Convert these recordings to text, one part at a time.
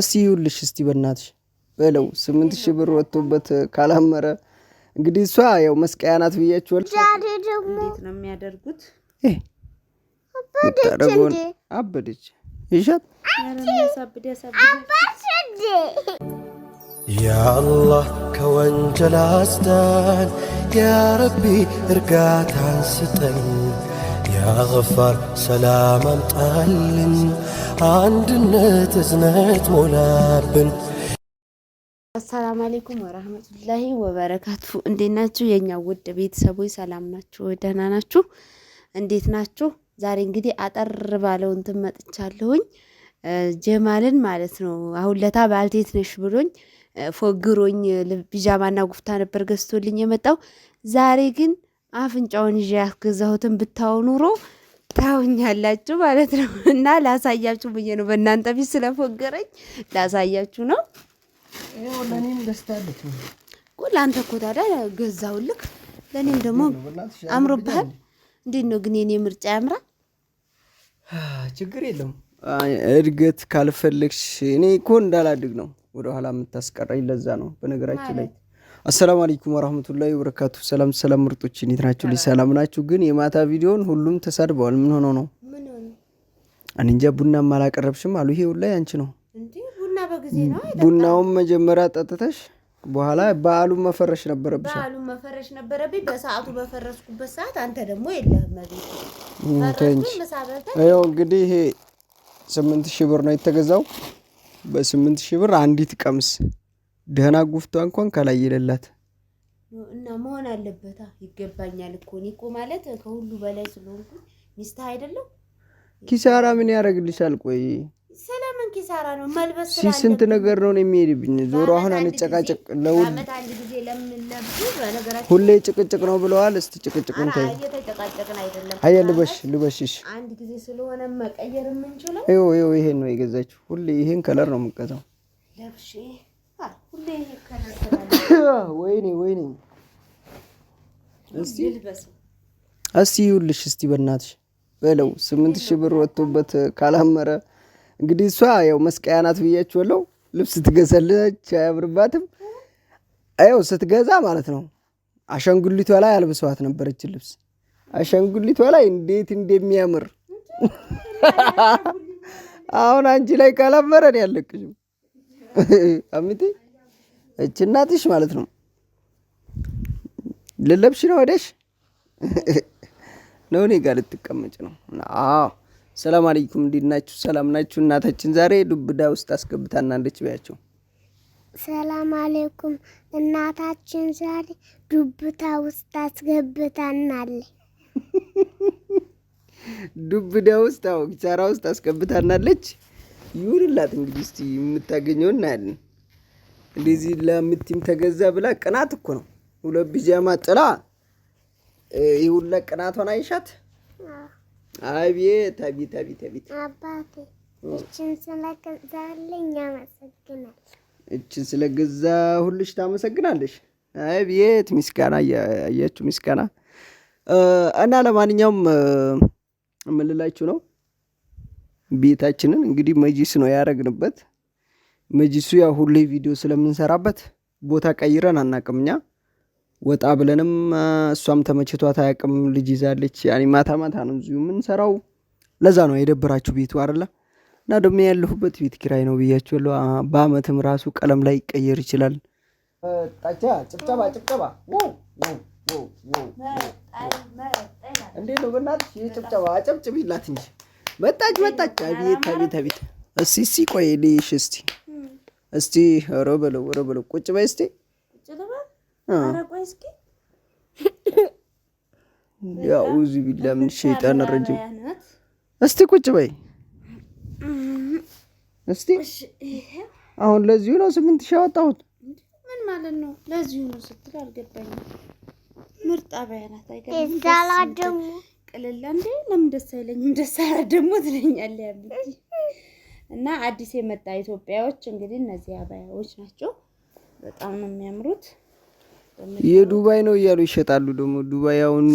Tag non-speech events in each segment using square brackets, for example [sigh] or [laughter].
እስቲ ይኸውልሽ እስቲ በእናትሽ በለው ስምንት ሺህ ብር ወጥቶበት ካላመረ እንግዲህ እሷ ያው መስቀያ ናት ብያችሁ። ዛሬ ደግሞ እንዴት ነው የሚያደርጉት? አበደች አበደች ይሻት ያአላህ ከወንጀል አስዳን፣ ያረቢ እርጋታን ስጠኝ ያ ገፋር ሰላም አምጣልን፣ አንድነት እዝነት ሞላብን። አሰላም አሌይኩም ወረህመቱላሂ ወበረካቱ። እንዴት ናችሁ የእኛ ውድ ቤተሰቦች? ሰላም ናችሁ? ደህና ናችሁ? እንዴት ናችሁ? ዛሬ እንግዲህ አጠር ባለው እንትን መጥቻለሁኝ። ጀማልን ማለት ነው። አሁን ለታ ባልቴት ነሽ ብሎኝ ፎግሮኝ ቢጃማና ጉፍታ ነበር ገዝቶልኝ የመጣው ዛሬ ግን አፍንጫውን ይዤ ያስገዛሁትን ብታው ኑሮ ታውኛላችሁ ማለት ነው። እና ላሳያችሁ ብዬ ነው። በእናንተ ፊት ስለፎገረኝ ላሳያችሁ ነው። ለአንተ እኮ ታዲያ ገዛውልክ፣ ለእኔም ደግሞ አምሮብሃል። እንዴት ነው ግን የኔ ምርጫ ያምራል። ችግር የለውም። እድገት ካልፈለግሽ እኔ እኮ እንዳላድግ ነው ወደኋላ የምታስቀራኝ። ለዛ ነው በነገራችን ላይ አሰላሙ አለይኩም ወራህመቱላሂ ወበረካቱ። ሰላም ሰላም፣ ምርጦች እንዴት ናችሁ? ሰላም ናችሁ? ግን የማታ ቪዲዮን ሁሉም ተሳድበዋል። ምን ሆኖ ነው? እኔ እንጃ። ቡናም አላቀረብሽም አሉ። ይሄ ሁላ ያንቺ ነው። ቡናውን መጀመሪያ ጠጥተሽ በኋላ በዓሉን መፈረሽ ነበረብሽ። በዓሉን መፈረሽ ነበረብኝ። በሰዓቱ በፈረስኩበት ሰዓት አንተ ደግሞ የለህም። ይኸው እንግዲህ ይሄ ስምንት ሺህ ብር ነው የተገዛው። በስምንት ሺህ ብር አንዲት ቀምስ ደህና ጉፍቷ እንኳን ከላይ የሌላት እና መሆን አለበታ። ይገባኛል እኮ እኔ እኮ ማለት ከሁሉ በላይ ስለሆንኩ ሚስትህ አይደለም። ኪሳራ ምን ያደርግልሻል? ቆይ ስለምን ኪሳራ ነው? መልበስ ስንት ነገር ነው የሚሄድብኝ። ዞሮ አሁን አንጨቃጨቅ። ሁሌ ጭቅጭቅ ነው ብለዋል። እስቲ ጭቅጭቁን ተይው። አየ ልበሽ፣ ልበሽሽ አንድ ጊዜ ስለሆነ መቀየር የምንችለው ይሄን ነው የገዛችው። ሁሌ ይሄን ከለር ነው የምትገዛው። [coughs] ወይኔ ወይኔ። እስቲ እስቲ በእናትሽ በለው ስምንት ሺህ ብር ወጥቶበት ካላመረ እንግዲህ እሷ ያው መስቀያ ናት ለው ልብስ ትገዛለች፣ አያምርባትም። ያው ስትገዛ ማለት ነው አሻንጉሊቷ ላይ አልብሰዋት ነበረች ልብስ አሸንጉሊቷ ላይ እንዴት እንደሚያምር [laughs] አሁን አንቺ ላይ ካላመረን ያለቅሽም [laughs] አሚቴ እች እናትሽ ማለት ነው። ልለብሽ ነው ሄደሽ ነው እኔ ጋር ልትቀመጭ ነው? አዎ። ሰላም አለይኩም፣ እንዴት ናችሁ? ሰላም ናችሁ? እናታችን ዛሬ ዱብዳ ውስጥ አስገብታናለች እንደች ሰላም አለይኩም፣ እናታችን ዛሬ ዱብታ ውስጥ አስገብታናለ። ዱብዳ ውስጥ አዎ፣ ኪሳራ ውስጥ አስገብታናለች። ይሁንላት እንግዲህ፣ እስቲ የምታገኘው እናያለን። እንደዚህ ለምትም ተገዛ ብላ ቅናት እኮ ነው። ሁለት ቢጃማ ጥላ ይህ ሁላ ሆና ይሻት። አቤት አቤት አቤት አቤት። አባቴ እችን ስለገዛልኝ ያመሰግናል። እችን ስለገዛ ሁልሽ ታመሰግናለሽ። አቤት ምስጋና፣ አያችሁ ምስጋና። እና ለማንኛውም የምልላችሁ ነው ቤታችንን እንግዲህ መጂስ ነው ያደረግንበት መጅሱ ያው ሁሌ ቪዲዮ ስለምንሰራበት ቦታ ቀይረን አናቅም። እኛ ወጣ ብለንም እሷም ተመችቷት አያቅም። ልጅ ይዛለች። ያኔ ማታ ማታ ነው እዚሁ የምንሰራው። ለዛ ነው የደበራችሁ ቤቱ አይደለ? እና ደሞ ያለሁበት ቤት ኪራይ ነው ብያችኋለሁ። በአመትም ራሱ ቀለም ላይ ይቀየር ይችላል። ጣቻ ጭብጨባ ጭብጨባ እንዴት ነው? በእናትሽ የጭብጨባ አጨብጭብ ይላት እንጂ መጣች መጣች። አቤት አቤት አቤት። እስቲ እስቲ ቆይ ልሽ እስቲ እስቲ ሮ በለው ሮ በለው ቁጭ በይ እስቲ ያውዚ ቢላ ምን ሸይጣን ረጅም እስቲ ቁጭ በይ እስቲ። አሁን ለዚሁ ነው ስምንት ሺህ ያወጣሁት። ምን ማለት ነው ለዚሁ ነው ስትል አልገባኝም። ምርጥ አበያ ናት ቅልላ እንዴ ለምን ደስ አይለኝም? ደስ አላት ደግሞ ትለኛለህ ያሉት እና አዲስ የመጣ ኢትዮጵያዎች እንግዲህ እነዚህ አባያዎች ናቸው። በጣም ነው የሚያምሩት። የዱባይ ነው እያሉ ይሸጣሉ። ደግሞ ዱባይ አሁን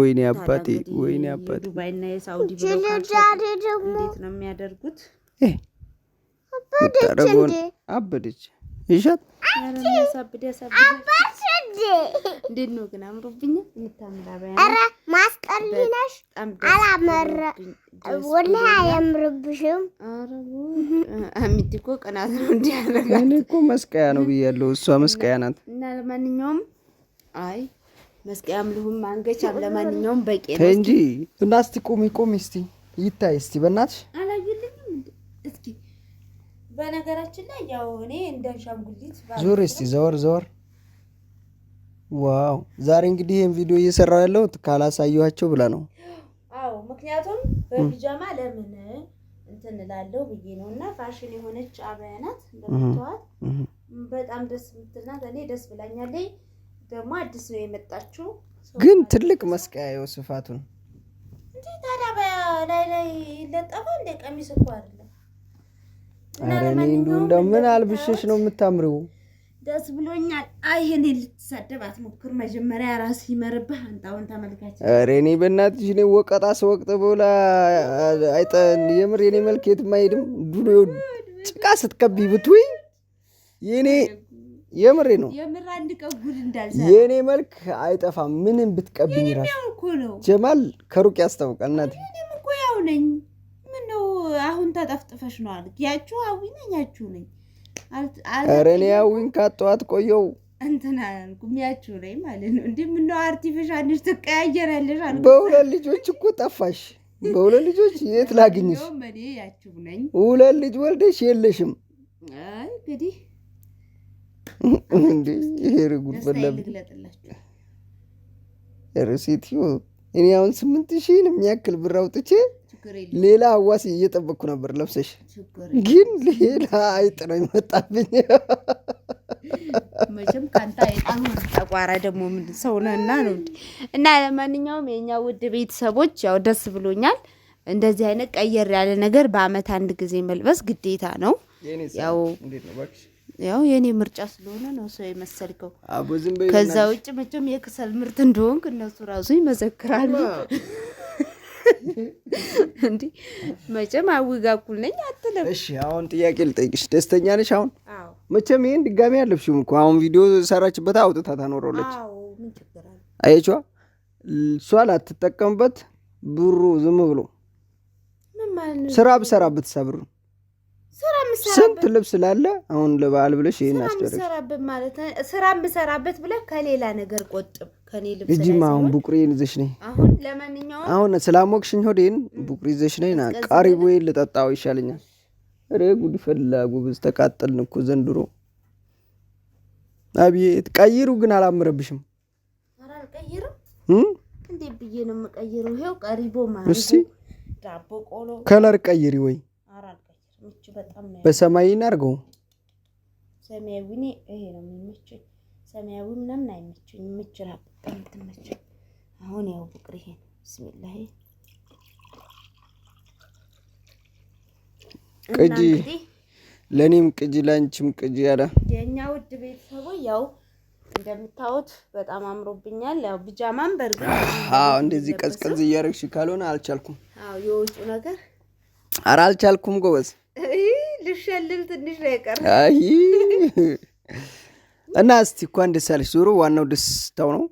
ወይኔ አባቴ ወይኔ አባቴ ዱባይ እና የሳውዲ ብሎ እንዴት ነው የሚያደርጉት? ታረጎን አበደች ይሸጥ እንዴት ነው ግን አምሩብኝ አምሮብኛል የምታምራ ሀሊናሽ አላመረ ወላሂ አያምርብሽም። አሚቲ እኮ ቅናት ነው እንዲህ ያለ እኔ እኮ መስቀያ ነው ብያለሁ። እሷ መስቀያ ናት። እና ለማንኛውም አይ መስቀያም ልሁን ማንገቻ ለማንኛውም በቂ ነው እንጂ እና እስቲ ቁሚ ቁሚ እስቲ ይታይ እስቲ በእናትሽ በነገራችን ላይ ያው እኔ እንደ አሻንጉሊት ዙሪ እስቲ ዘወር ዘወር ዋው ዛሬ እንግዲህ ይህን ቪዲዮ እየሰራው ያለው ካላሳየኋቸው ብላ ነው። አዎ ምክንያቱም በፒጃማ ለምን እንትን እላለሁ ብዬ ነው። እና ፋሽን የሆነች አበያ ናት በጣም ደስ የምትል እኔ ደስ ብላኛለኝ። ደግሞ አዲስ ነው የመጣችው፣ ግን ትልቅ መስቀያየው ስፋቱን እንዴ ታዲያ በላይ ላይ ይለጠፈው እንደ ቀሚስ እኮ አይደለም። እኔ እንዲሁ እንደምን አልብሽሽ ነው የምታምሪው? ደስ ብሎኛል። አይ እኔ ልትሳደብ አትሞክር። መጀመሪያ ራስ ይመርብህ። አንጣውን ተመልካች ሬኔ በእናትሽ እኔ ወቀጣ ወቅጥ ብላ አይጠ የምር የኔ መልክ የትም አይሄድም። ዱሮ ጭቃ ስትቀቢ ብትይ የኔ የምሬ ነው የኔ መልክ አይጠፋም። ምንም ብትቀብኝ ራሱ ጀማል ከሩቅ ያስታውቃል። እናቴ እኔም እኮ ያው ነኝ። ምነው አሁን ተጠፍጥፈሽ ነው አልክ? ያችሁ አዊ ነኝ ያችሁ ነኝ ኧረ እኔ ያዊን ካጠዋት ቆየው እንትን አላልኩም። ያችሁ ላይ ማለት ነው። እንደ ምነው አርቲፊሻል ነሽ ትቀያየራለሽ አልኩት። በሁለት ልጆች እኮ ጠፋሽ። በሁለት ልጆች የት ላግኝሽ? ያችሁ ነኝ። ሁለት ልጅ ወልደሽ የለሽም። አይ እንግዲህ እንዴ ይሄ ርጉድ በላብ ሴትዮ እኔ አሁን ስምንት ሺህን የሚያክል ብር አውጥቼ ሌላ አዋሲ እየጠበቅኩ ነበር ለብሰሽ፣ ግን ሌላ አይጥ ነው ይመጣብኝ። [laughs] ጠቋራ ደግሞ ምን ሰው ነህና ነው እና ለማንኛውም የእኛ ውድ ቤተሰቦች ያው ደስ ብሎኛል። እንደዚህ አይነት ቀየር ያለ ነገር በአመት አንድ ጊዜ መልበስ ግዴታ ነው። ያው ያው የእኔ ምርጫ ስለሆነ ነው ሰው የመሰልከው። ከዛ ውጭ መቼም የክሰል ምርት እንደሆንክ እነሱ ራሱ ይመሰክራሉ። እንዲ መቼም አዊጋ እኩል ነኝ አትልም። እሺ አሁን ጥያቄ ልጠይቅሽ፣ ደስተኛ ነሽ? አሁን መቼም ይህን ድጋሚ አለብሽም እኮ አሁን ቪዲዮ ሰራችበት አውጥታ ታኖረለች። አየችዋ እሷ ላትጠቀምበት ብሩ ዝም ብሎ ስራ ብሰራበት ሰብሩ ስንት ልብስ ላለ አሁን ለበዓል ብለሽ ይሄን አስደረግሽ። ስራ ምሰራበት ብለ ከሌላ ነገር ቆጥብ። ከኔ ልብስ እጅማ አሁን ቡቁሪ ይዘሽ ነይ። አሁን ለማንኛውም አሁን ስላሞቅሽኝ ሆዴን ቡቁሪ ይዘሽ ነይ ና ቃሪቦ ልጠጣው ይሻለኛል። ኧረ ጉድ ፈላ ጉብዝ ተቃጠልን እኮ ዘንድሮ። አቤት ቀይሩ ግን አላምረብሽም። እንዴት ብዬ ነው የምቀይረው? ይኸው ቀሪቦ ማለት ነው። ዳቦ ቆሎ ከለር ቀይሪ ወይ በሰማይ እናድርገው። ሰማያዊ እኔ ይሄ ነው የሚመቸኝ። ሰማያዊ ምናምን አይመቸኝ። ምችላ በጣም የምትመቸኝ አሁን ያው ፍቅር ይሄ ነው። ብስሚላ ቅጂ ለእኔም ቅጂ ለአንቺም ቅጂ ያለ የእኛ ውድ ቤተሰቡ ያው እንደምታዩት በጣም አምሮብኛል። ያው ብጃማን በርግ እንደዚህ ቀዝቀዝ እያደረግሽ ካልሆነ አልቻልኩም። የውጭ ነገር አልቻልኩም ጎበዝ ልሸልል ትንሽ ነው የቀረው። እና እስቲ እንኳን ደስ አለሽ። ዞሮ ዋናው ደስታው ነው።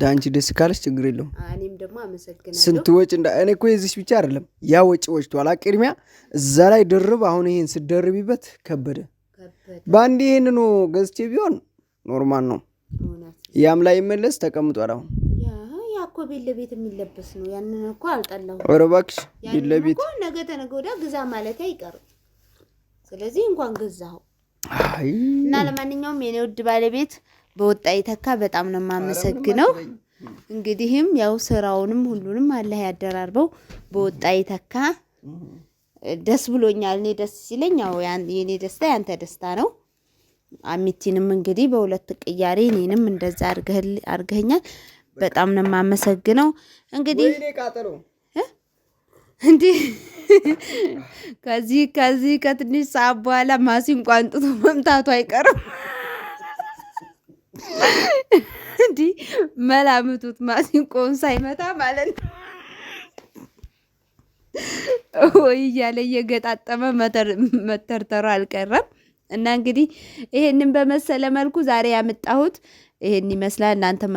ዳንቺ ደስ ካለሽ ችግር የለውም። እኔም ደግሞ አመሰግናለሁ። ስንት ወጪ እንዳ እኔ እኮ የዚች ብቻ አይደለም ያ ወጪ ወጭቷል። ቅድሚያ እዛ ላይ ድርብ። አሁን ይሄን ስደርቢበት ከበደ። በአንድ ይሄንኑ ገዝቼ ቢሆን ኖርማል ነው። ያም ላይ መለስ ተቀምጧል። አሁን እኮ ቤት ለቤት የሚለበስ ነው። ያንን እኮ አልጠላሁም። ኧረ እባክሽ ቤት ለቤት ነገ ተነገ ወዲያ ግዛ ማለት አይቀርም። ስለዚህ እንኳን ገዛኸው። እና ለማንኛውም የኔ ውድ ባለቤት በወጣ የተካ በጣም ነው የማመሰግነው። እንግዲህም ያው ስራውንም ሁሉንም አላህ ያደራርበው። በወጣ የተካ ደስ ብሎኛል። እኔ ደስ ሲለኝ ያው የኔ ደስታ ያንተ ደስታ ነው። አሚቲንም እንግዲህ በሁለት ቅያሬ እኔንም እንደዛ አድርገኸኛል። በጣም ነው የማመሰግነው እንግዲህ እንዲህ ከዚህ ከዚህ ከትንሽ ሰዓት በኋላ ማሲንቆ አንጥቶ መምታቱ አይቀርም። እንዲህ መላምቱት ማሲንቆውን ሳይመታ ማለት ነው ወይ እያለ እየገጣጠመ መተርተሩ አልቀረም። እና እንግዲህ ይሄንን በመሰለ መልኩ ዛሬ ያመጣሁት ይሄን ይመስላል እናንተ